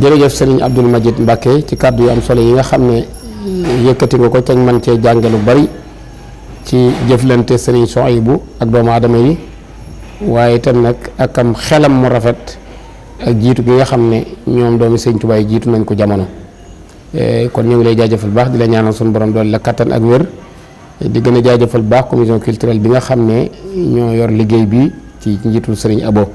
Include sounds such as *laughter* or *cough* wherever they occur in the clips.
jërëjëf sëriñ Abdul Majid mbakke ci kàddu yu am solo yi nga xam ne mm, yëkkati nga ko ca man cee jànge lu bari ci jëflante sëriñ Sohaybu ak doomu adama yi waaye itam nag ak am xelam mu rafet ak jiitu gi nga xam ne ñoom doomi sëriñ Tuubaa yi jiitu nañ ko jamono e, kon ñu ngi lay jaajëfal baax di la ñaanal suñu borom doole la kàttan ak wér di gën a jaajëfal baax commission culturelle bi nga xam ne ñoo yor liggéey bi ci njiitul sëriñ Abo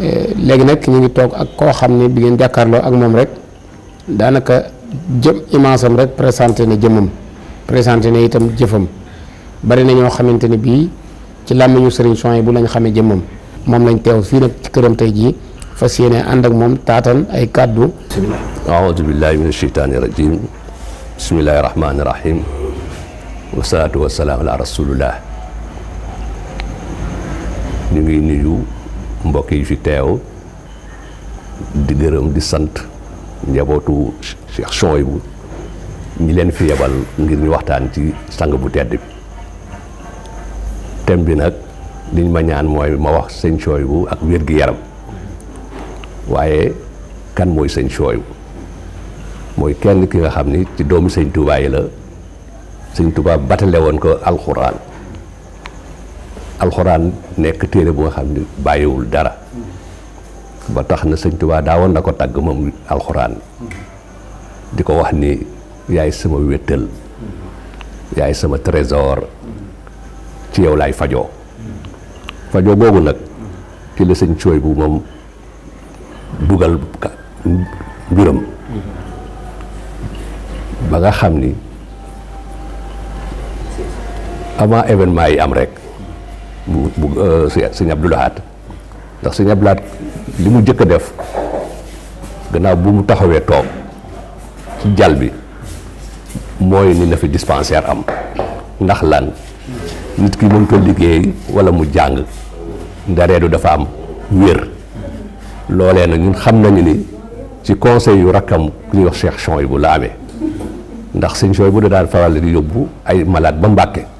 léegi nag ñu ngi toog ak koo xam ne bi ngeen jàkkaarloo ak moom rek daanaka jëm imansam rek présenté na jëmmam présenté na itam jëfam bari na ñoo xamante ne bii ci làmmiñu sëriñ yi bu lañ xamee jëmmam moom lañ teew fii nag ci këram tey jii fas yéene ànd ak moom taatan ay kàddu aoudu billahi min asheytaani rajim bismillahi rahmaani rahim wasalaatu wasalaam ñu ngi nuyu mbokk yi fi teew di gërëm di sant njabootu Cheikh Souhaïbou ñi leen fi yebal ngir ñu waxtaan ci sang bu tedd bi thème bi nag liñ ma ñaan mooy ma wax sëñ Souhaïbou ak wér gi yaram waaye kan mooy sëñ Souhaïbou mooy kenn ki nga xam ni ci doomu sëñ Touba yi la sëñ Touba batale woon ko alxuraan alxuraan nekk téere bu nga xam ni bàyyiwul dara ba tax na sëñ Tuubaa daawoon na ko tàgg moom alxuraan di ko wax ni yaay sama wéttal yaay sama trésor ci yow laay fajoo fajoo googu nag ci la sëñ cooy bu moom dugal mbiram ba nga xam ni avant événement yi am rek bu bu eh, sëñ Abdou Lahad ndax sëñ Abdou Lahad li mu jëkk a def gannaaw bu mu taxawee toog ci jal bi mooy ni na fi dispensaire am ndax lan nit ki mënut a liggéey wala mu jàng ndareedu dafa am wér loolee nag ñun xam nañu ni ci conseil yu rakkam ku ñuy wax Cheikh Chouaïbou bu la amee ndax sëñ Chouaïbou bu da daan faral di yóbbu ay malade ba Mbàkke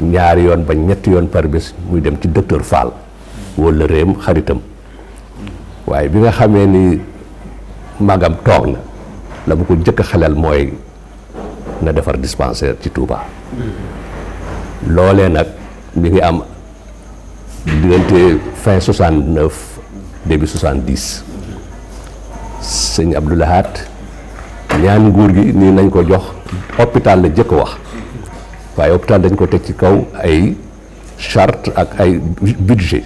ñaari yoon ba ñetti yoon par bés muy dem ci docteur Fall wala réem xaritam waaye bi nga xamee ni magam toog na la mu ko njëkk a xelal mooy na defar dispensaire ci Touba loole nag mi ngi am diggante fin 69 début 70 sëñ Abdoulahat ñaan nguur gi nii nañ ko jox hôpital la jëkk wax waaye hôpital dañ ko teg ci kaw ay chart ak ay budget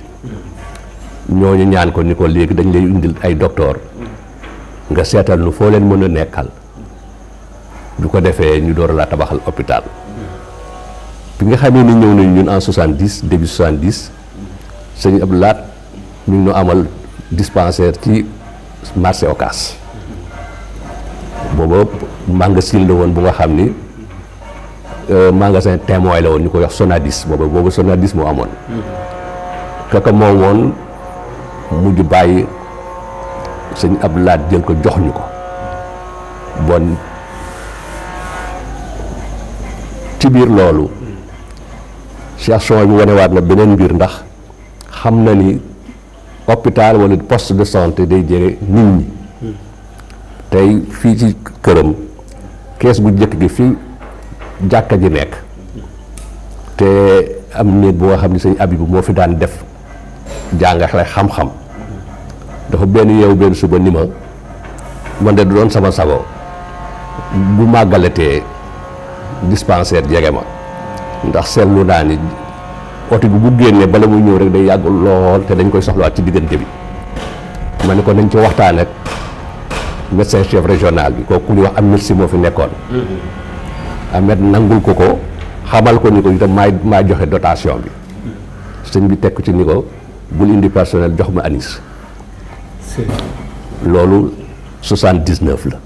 ñooñu ñaan ko ni ko léegi dañ lay indil ay docteur nga seetal nu foo leen mën a nekkal bu ko defee ñu door laa tabaxal hôpital bi nga xamee ni ñëw nañu ñun en 70 début 70 sëñ Abdou Lahat ñu ngi ñu amal dispensaire ci marché ocas booba magasin la woon bu nga xam ni Euh, magasin témoin la woon ñu ko wax Sonadis boobu boobu Sonadis moo amoon kaka moom woon mujj bàyyi sëñ ab laat jël ko jox ñu ko bon ci biir loolu Cheikh Son bi wanewaat na beneen mbir ndax xam na ni hôpital wala poste de santé day jëre nit ñi tey fii ci këram kees gu jëkk gi fii jakka ji nek te am né bo xamni ne sëñ Abibu mo fi daan def jàngale xam-xam dafa benn yeewu benn suba ni ma man dé doon sama sago bu màggalatee dispensaire jege ma ndax seetlu naa ni oto bi bu génné bala mu ñëw rek day yag lool té dañ koy soxlawaat ci digënté bi man ko nañ ci waxtaan ak médecin chef régional bi ko ku ñu wax am merci mo fi nekkoon mm-hmm. Ahmed nangul ko ko xamal ko ni ko itam maay maa joxe dotation bi sëñ bi tekk ci ni ko bul indi personnel jox ma anis loolu 79 la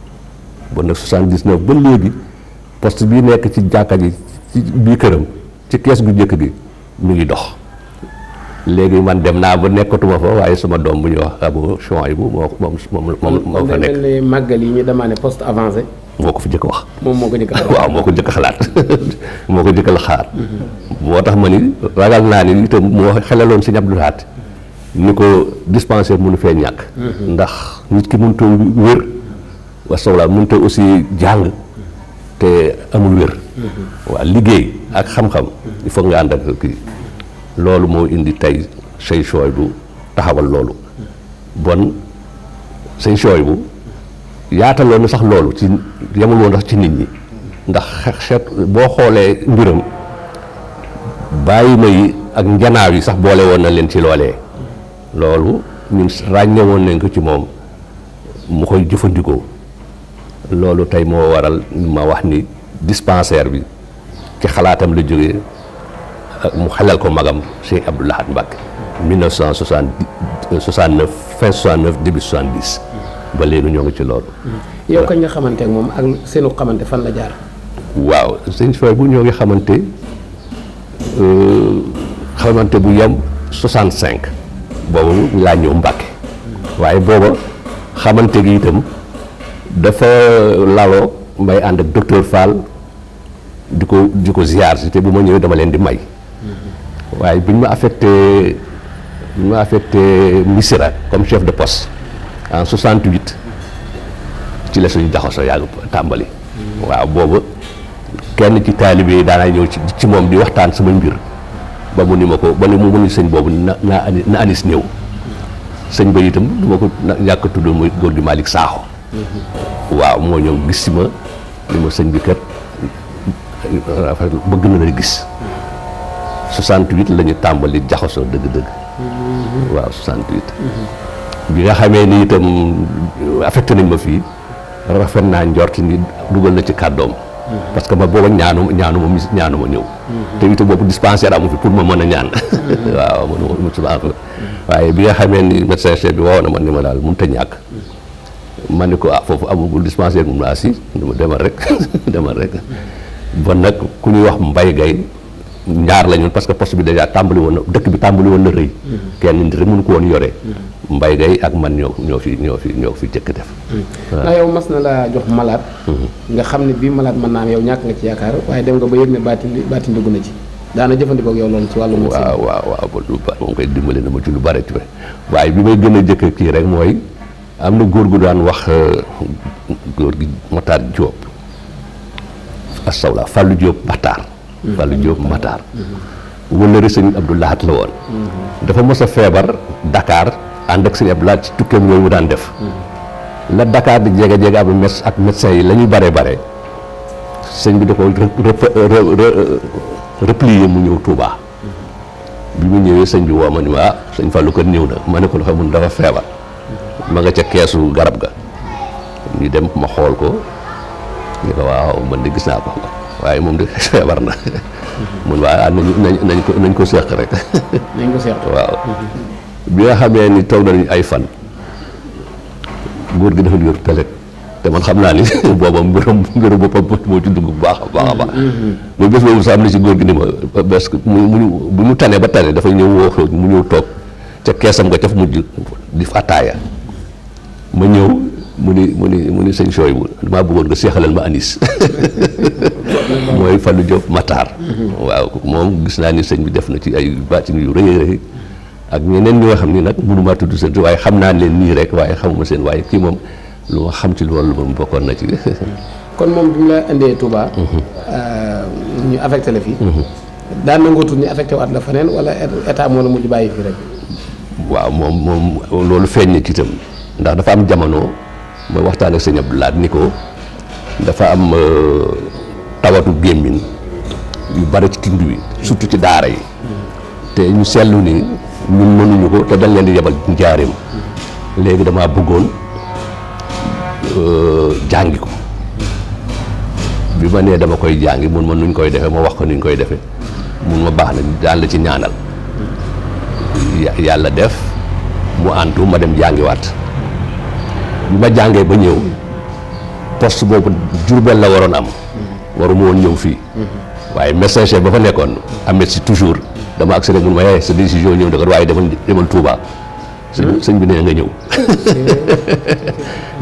bon nag 79 ba léegi poste bi nekk ci jàkka ji ci bii këram ci kees gu njëkk gi mu ngi dox léegi man dem naa ba nekkatuma fa waaye sama doom bu ñuy wax Abou Chouaïbou moom moom moom moo fa nekk. mel màggal yi ñu demandé poste avancé. moo ko fa jëkk wax. moom moo ko njëkk xalaat *laughs* waaw moo ko njëkk xalaat *laughs* moo ko njëkkal xaar. moo tax ma ni ragal naa ni itam moo xelaloon si ñab du laat ni ko dispensaire mënu fee ñàkk. Mhm. ndax nit ki mënut a wér. wasalaam mënut a aussi jàng. te amul wér. Mhm. waaw liggéey ak xam-xam. il faut nga ànd ak kii. loolu moo indi tey sëñ sooy bu taxawal loolu bon sëñ sooy bu yaataloon na sax loolu ci yemul woon sax ci nit ñi ndax xeet boo xoolee mbiram bàyyi ma yi ak njanaaw yi sax boole woon na leen ci loolee loolu ñun ràññe woon nañ ko ci moom mu koy jëfandikoo loolu tey moo waral ma wax ni dispensaire bi ci xalaatam la jóge mu xelal ko magam Cheikh Abdou Lahad Mbacké 1969 euh, fin 69 début 70 ba léegi ñoo ngi ci loolu yow kañ nga xamante ak moom ak seenu xamante fan la jaar waaw sëñ bu ñoo ngi xamante euh, xamante bu yem 65 boobu laa ñëw Mbacké waaye booba xamante gi itam dafa laloo may ànd ak docteur Fall di ko di ko ziar si te bu ma ñëwee dama leen di may waaye bi ñu ma affecté bi ma affecté Missirah comme chef de poste en 68 ci la suñu jaxasoo yàgg tàmbali. waaw boobu kenn ci taalibe yi daanaa ñëw ci ci moom di waxtaan sama mbir ba mu ni ma ko ba ni mu ni sëñ boobu na na anis ñëw sëñ ba itam du ma ko ñàkk tudd muy góor gi Malick waaw moo ñëw gis si ma li ma sëñ bi kat bëgg na la gis. 68 la lañu tàmbali jaxasoo dëgg-dëgg. Mm-hmm. waaw 68. Mm-hmm. bi nga xamee ni itam affecté nañ ma fii rafet naa njort ni dugal na ci kàddoom. Mm-hmm. parce que ma booba ñaanu ñaanu ma mis ñaanu ma ñëw. te itam boobu dispensaire amu fi pour ma mën a ñaan. *laughs* waaw man ma waaye bi nga xamee ni médecin chef bi woo na ma ni ma daal mënut ma ne ko ah foofu amagul dispensaire mu naa si demal rek *laughs* demal rek. bon nag ku ñuy wax mbay gay ñaar la ñu parce que poste bi déjà tàmbali woon na dëkk bi tàmbali woon na rëy. kenn nit rek mënu ko woon yore. mbay gay ak man ñoo ñoo fi ñoo fi ñoo fi jëkk def. waaw yow mas na laa jox malaat. nga xam ne bii malaat mën naa am yow ñàkk nga ci yaakaar waaye dem nga ba yëg ne baati baati dugg na ci daana jëfandikoo ak yow loolu ci wàllu. waaw waaw waaw lu ba moom koy dimbale na ma ci lu bare ci waaye bi may gën a jëkk kii rek mooy am na góor gu daan wax euh, góor gi Matar Diop. astafurlah Fallou Diop Matar. Fallou Diop Matar wëllëre sëñ Abdou Lahat la woon dafa mos a feebar Dakar ànd ak sëñ Abdou Lahat ci tukkeem mu daan def la Dakar di jege jege mes ak médecin yi la ñuy bare bare sëñ bi da ko mu ñëw Touba bi mu ñëwee sëñ bi woo ma ah, sëñ Fallou kat ñëw na ma ne ko dafa mun dafa feebar ma nga ca keesu garab ga ñu dem ma xool ko ñu ko waaw mën de gis naa ko waaye moom de feebar na mun waa nañ nañ ko nañ ko seq rek nañ ko seq waaw bi nga xamee ni taw nañ ay fan góor gi dafa yor tele te man xam naa ni booba mbirum mbirum boppam moo ci dugg bu baax a baax a baax muy bés boobu sax na ci góor gi ni ma parce mu mu bu mu tane ba tane dafa ñëw woo mu ñëw toog ca keesam nga ca mujj di fataaya ma ñëw mu ni mu ni mu ni sëñ Chouaïbou damaa bëggoon nga seexalal ma anis *laughs* mooy Fallou Diop Matar waaw moom gis naa ni sëñ bi def na ci ay baatin yu rëy rëy ak ñeneen ñoo xam ni nag mënumaa tudd seen waaye xam naa leen nii rek waaye xamuma seen waaye kii moom lu ma xam ci loolu moom bokkoon na ci *laughs* kon moom bi mu la indee Touba mhm. euh, ñu affecté la fii mhm. daan na ngootu ni affecté waat la feneen wala état moo la mujj bàyyi fii rek waaw moom moom loolu feeñ na ci itam ndax dafa am jamono ma waxtaan ak sëñ Abdoulaat ni ko dafa am euh, tawatu gémmiñ yu bari ci tund wi surtout ci daara yi te ñu seetlu ni ñun mënuñu ko te dañ leen di yebal njaareem léegi dama bëggoon euh, jàngi ko bi ma nee dama koy jàngi mun ma nuñ koy defee ma wax ko nuñ koy defee mun ma baax na daan la ci ñaanal yàlla def mu àntu ma dem jàngiwaat ba jangé ba ñew poste bobu jurbel la waron am waruma won ñew fi waye messager ba fa nekkon amet ci toujours dama accéléré mun ma yee eh, sa décision ñëw Dakar waye demal demal Touba sëñ bi nee nga ñew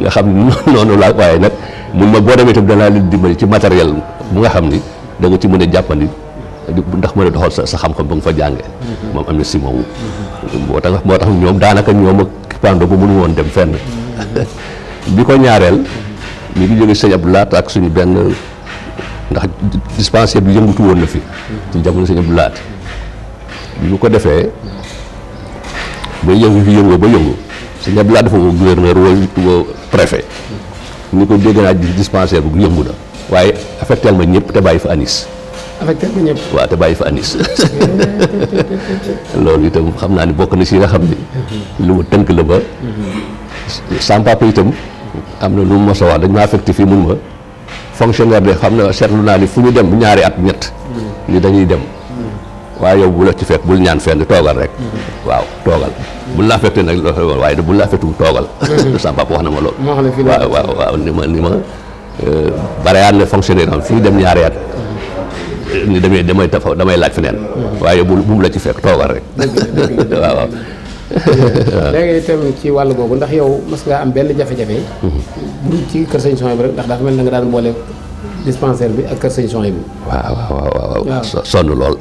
nga xam nonu *laughs* la waye nak mu mun ma boo demee itam danaa leen dimbali ci matériel bu nga xam ni da nga ci mëna jappandi jàppandi ndax mëna doxal sa sa xam-xam bu nga fa jangé mom am na si moomu moo tax moo tax ñoom daanaka ñoom ak pando bu mënu won dem fenn bi ko ñaarel mi ngi jóge seigne Abdou Lahat ak suñu ben ndax dispensaire bi yëngatu won na fi ci jamono seigne Abdou bi ko defé ba yëngu fi yëngoo ba yëngu seigne Abdou dafa woo gouverneur wo wo préfet ni ko dégg naa dispensaire bu yëngu na waaye affectel ma ñëpp te bàyyi fa anis affectel ma ñëpp waaw te bàyyi fa anis *laughs* loolu itam xam naa ni bokk na si nga xam ni lu ma tënk la ba sama papa itam am na lu mu ma a wax dañ ma affecté fii mun ma fonctionnaire de xam na seetlu naa ni fu ñu dem ñaari at ñett ni dañuy dem waaye yow bu la ci fekk bul ñaan fenn toogal rek waaw toogal bul la affecté nag loolu waaye bul la affecté toogal *laughs* sama wax na ma loolu waaw waaw waaw ni ma ni ma euh, bareyaan ne fonctionnaire am dem ñaari at ni damay damay tafa damay laaj feneen mm-hmm. waaye bu la ci fekk toogal rek *laughs* waaw waaw léegi tamit ci wàll boobu ndax yow mas ngaa am benn jafe-jafe mhm. bu ci kër sëñ Souhaïbou bi rek ndax dafa mel na nga daan boole dispensaire bi ak kër sëñ Souhaïbou bi waaw waaw waaw sonn lool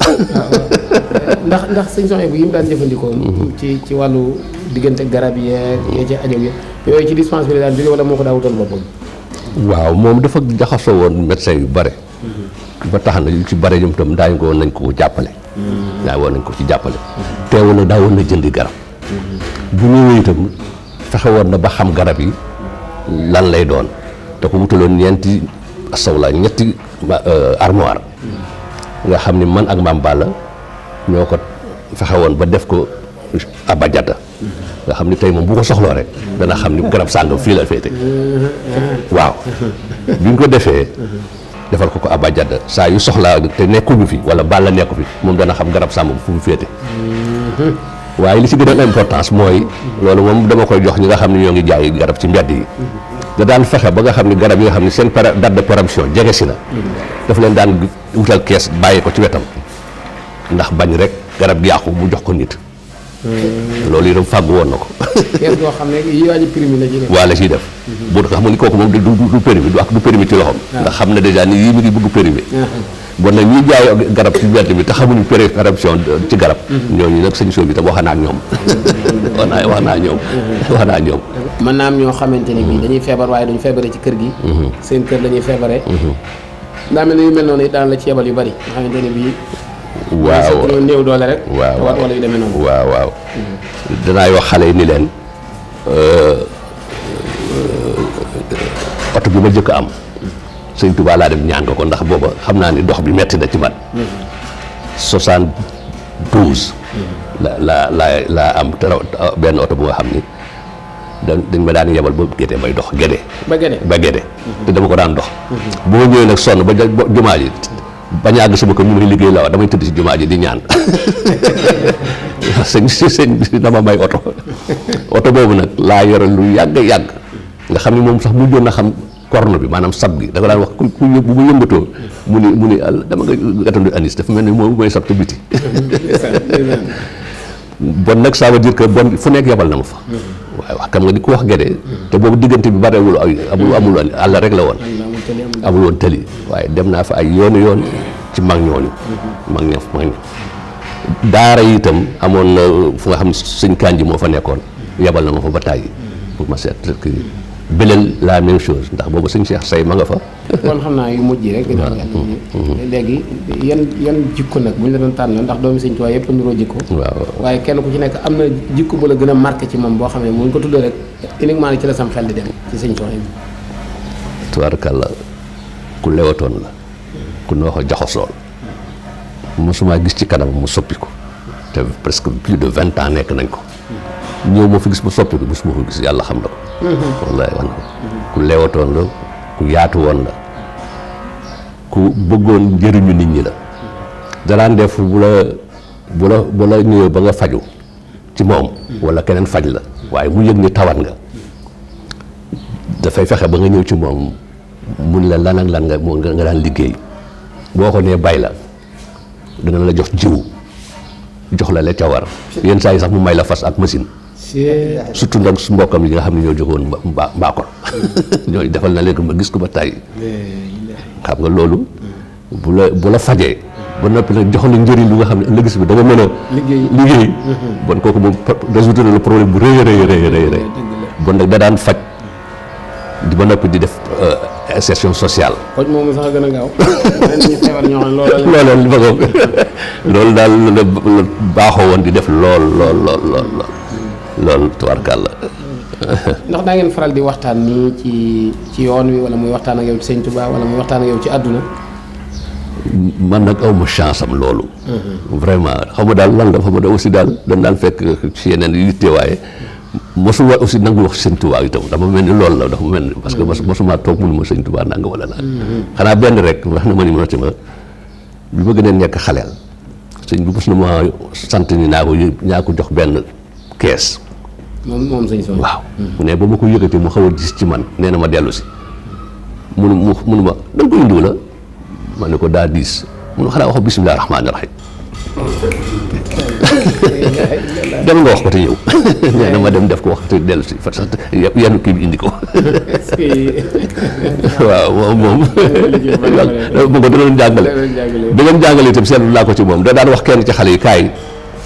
ndax ndax sëñ Souhaïbou yi mu daan jëfandikoo mhm. ci ci wàllu diggante garab yeeg mhm. yee ci ajo yi yooyu ci dispense bi la daan jóge wala moo ko daa wutal boppam waaw moom dafa jaxasoo woon médecin yu bare ba tax na lu ci bare ñoom tam daañu ko woon nañ ko jàppale daañu woon nañ ko ci jàppale teewul nag daa woon na jëndi garab bu ñëwee itam fexe na ba xam garab yi lan lay doon te ko wutaloon ñeenti sawla ñetti euh, armoire nga xam ni man ak maam Balla ñoo ko fexe woon ba def ko abajata nga xam ni tey moom bu ko soxloo rek dana xam ni garab sàngam fii la féete waaw biñ ko defee defal ko ko abajada saa yu soxlaa te nekkuñu fi wala Balla nekku fi moom dana xam garab sàngam fu mu féete waaye li si gën a importance mooy loolu moom dama koy jox ñi nga xam ne ñoo ngi jaay garab ci mbedd yi da daan fexe ba nga xam ne garab yi nga xam ne seen date de péremption jege si na daf leen daan wutal kees bàyyi ko ci wetam ndax bañ rek garab gi yàqu mu jox ko nit hmm. loolu yi itam fàggu woon na ko kees xam ne yi waaj périmé la ci def waaw la ciy def mhm. boo tax xam nga ni kooku moom du périmé du ak du périmé ci loxoom ah. ndax xam na dèjà ni yii mi ngi bëgg périmé ah. bon nag ñuy jaay garab ci mbedd bi te xamuñu prescription ci garab mhm. ñooñu nag sëñ soo bi tam wax naa ak ñoom mhm. wax naa wax naa ñoom wax naa ñoom mën naa am ñoo xamante ne bi dañuy feebar waaye duñu feebare ci kër gi seen kër la ñuy feebare daa mel ne yu mel noonu daan la ci yebal yu bari nga xamante bii waaw ñoo néew doole rek. waaw waaw wala yu demee waaw waaw. danaa xale yi ni leen euh, euh, euh, oto bi ma jëkk am. sëñ Tuubaa laa dem ñaan ko ko ndax booba xam naa ni dox bi metti na ci man. 72. la la la la am benn oto bu nga xam ni. da dañ ma daan yebal ba gédee may dox gédee ba gédee te dama ko daan dox boo ma ñëwee nag sonn ba jumaa ji bañ a àgg suba ko mu ne liggéey la wax damay tëdd si jumaa ji di ñaan *laughs* sëñ sëñ bi dama may oto oto boobu nag laa yore lu yàgg yàgg nga xam ne moom sax mu joon na xam corne bi maanaam sab gi da nga wax ku ku bu yëmbatoo mu mu ni dama nga gàttandu anis dafa mel ne moom mooy sab te biti *laughs* bon nag ça veut dire bon fu nekk yabal na ma fa mm-hmm. waaye wax kam nga di ko wax gede te boobu diggante bi barewul ay amul amul àll rek la woon amul woon tëli waaye dem naa fa ay yoonu yoon ci mag ñooñu mag ña mag ña daara yi itam amoon na fu nga xam ne sëñ Kanji moo fa nekkoon yebal na ma fa ba tàyyi pour ma seet beleel la même chose ndax boobu sëñ Cheikh Say ma nga fa. kon xam naa yu mujj rek. Mm-hmm. Mm-hmm. léegi yan yan jikko nag bu ñu la doon tànn ndax doomi sëñ Tuubaa yëpp nuroo jikko. waaw waaye kenn ku ci nekk am na jikko bu la gën a marqué ci moom boo xam ne mu ko tuddee rek uniquement ci la sam xel di dem ci sëñ yi. tubaarkàlla ku lewatoon la ku noox a jaxos lool mosuma gis ci kanam mu soppi ko te presque plus de 20 ans nekk nañ ko ñëw moo fi gis mu soppi ko mosuma ko gis yàlla xam na ko wallahi wan ku lewatoon la ku yaatu woon la ku bëggoon njëriñu nit ñi la danaan def bu la bu la bu la ñëwee ba nga faju ci moom wala keneen faj la waaye mu yëg ni tawat nga da fay fexé ba nga ñëw ci mom mun la lan ak lan nga nga daan liggéey boko né bay la da na la jox jiw jox la lé ca war yenn saa sax mu may la fas ak machine surtout nak su mbokam yi nga xamni ñoo joxoon ba ko ñooñu defal na lé ko ma gis ko ba tay xam nga lolu bu la bu la fajee ba noppi nag jox la njëriñ lu nga xamni la gis bi da nga mëna liggéey liggéey *laughs* bon koku mo résoudre le problème bu rëy rëy rëy rëy bon nak da daan fajj di ba noppi di def euh, insertion sociale. xoj moom sax gën a gaaw. *laughs* loolu daal la baaxoo woon di def lool lool lool lool lool. loolu tubarkàlla. ndax daa ngeen faral di waxtaan nii ci ci yoon wi wala muy waxtaan ak yow ci Sëñ Tuubaa wala muy waxtaan ak yow ci àdduna. man nag awma chance am loolu. Mm-hmm. vraiment xaw ma daal lan la xaw ma daal aussi daal dañ daan fekk ci yeneen yu yitte waaye. mosuma aussi nangu wax sëñ Tuubaa itam dafa mel ni lool la dafa mel ni parce que mosuma toog mënu ma sëñ Tuubaa nanga mm-hmm. xanaa benn rek wax na ma ni ma ci ma bi ma gën a nekk xaleel sëñ bi mos ma sant ni naa ko ñaa ko jox benn kees moom moom sëñ Sow waaw mm-hmm. mu ne ba ma ko yëkkati mu xaw a ci man nee na ma dellu si munu mu munu ma ko indiw la ma ne ko daa diis munu xanaa wax bismillah rahmaani rahim dem nga wax ko te ñëw *laughs* nee ma dem def ko wax te dellu si fat sax yanu kii bi indi ko *laughs* waaw moom moom moom da doon jàngale da doon jàngale itam seetlu laa ko ci moom da daan wax kenn ci xale yi kaay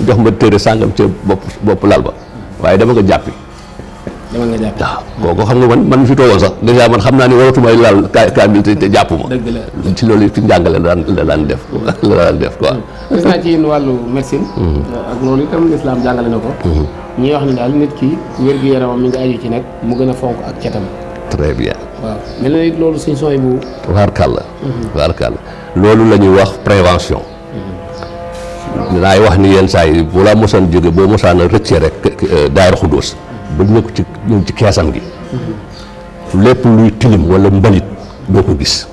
jox ma téere sàngam ci bopp bopp lal ba waaye dama ko jàppi demal nga ah, kooku xam nga man man fi toogoon sax dèjà man xam naa ne waratuma laal kaamil te te jàpp ma. dëgg la ci loolu ci njàngale la daan la daan def. Mm. la daan def quoi. Mm. gis naa mm. na ko. Mm-hmm. ñi wax ni daal nit ki wér-gu-yaramam mi nga aju ci nag mu gën a fonk ak cetam. très bien. waaw mel na it loolu suñ sooy bu. waarkàlla. waarkàlla mm-hmm. loolu la ñuy wax prévention. Mm-hmm. dinaay wax ni yenn saa yi bu la mosaan jóge boo mosaan a rëcce rek euh, daayira xudóos ba ñëw ci ñëw ci keesam gi lépp luy tilim wala mbalit doo ko gis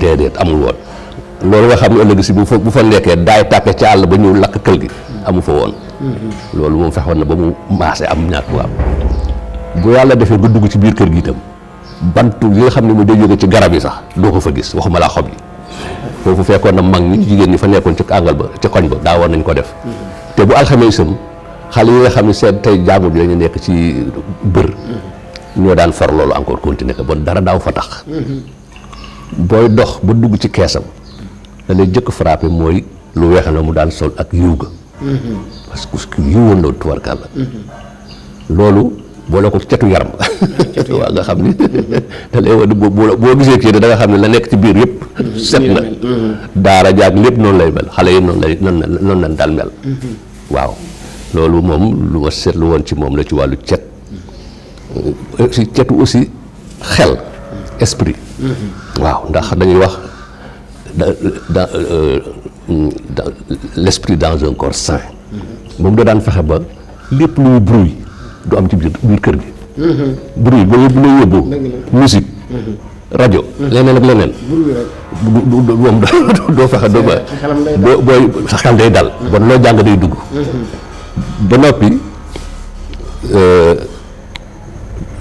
déedéet amul woon loolu nga xam ne ëllëg si bu fa bu fa nekkee daay tàppe ci àll ba ñëw lakk kël gi amu fa woon loolu moom fexoon na ba mu maase am ñàkk waaw bu yàlla defee nga dugg ci biir kër gi itam bant yi nga xam ne mu day jóge ci garab yi sax doo ko fa gis waxuma laa xob yi foofu fekkoon na mag ñi jigéen ñi fa nekkoon ci àngal ba ci koñ ba daa war nañ ko def te bu alxames itam xale yi xam ne seen tey jàngu ji dañu nekk ci bër ñoo daan far loolu encore continuer ko bon dara daaw fa tax booy dox ba dugg ci keesam da jëkk frappé mooy lu weex la mu daan sol ak yiw ga parce que yiwoon loolu tubarkàlla loolu boole ko *laughs* cetu yaram waaw nga xam ni *laughs* da lay wane boo boo gisee kii da nga xam ne la nekk ci biir yëpp set na daara jaag lépp noonu lay mel xale yi noonu lay noonu noonu lañ daal mel mm-hmm. waaw lolou mom lu ma setlu won ci mom la ci walu ciet ci euh, ciet aussi xel esprit waaw ndax dañuy wax euh, mm, l'esprit esprit dans un corps sain mom do dan fexe ba lépp luy bruit du am ci bir biir kër gi bruit ba lépp lay yóbbu musique radio lenen ak do do *laughs* doo fexe doo boy sax xel day dal bon lo jang day dugg ba noppi euh,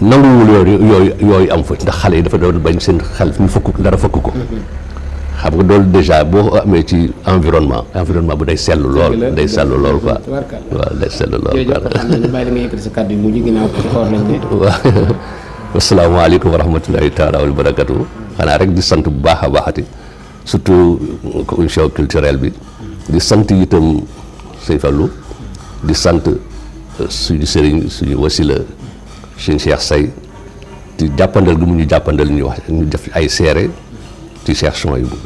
nanguwul yooyu yooyu yooyu am fa ndax xale yi dafa doon bañ seen xel ñu fukk dara fukk ko xam nga loolu déjà boo amee ci environnement environnement bu day sell lool day sell lool quoi waaw day sell lool *laughs* waaw asalaamaaleykum wa rahmatulahi taala wal barakatu xanaa rek di sant bu baax a baaxati surtout commission culturelle bi di sant itam Sey Fallou disangka eh, sudi sering sudi wasila sin syah sai di japan dal gumu japan dal ni wah ni def ay di ti syah sumay bu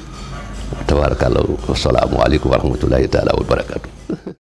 tabarakallah wassalamu alaikum warahmatullahi taala barakatuh. *laughs*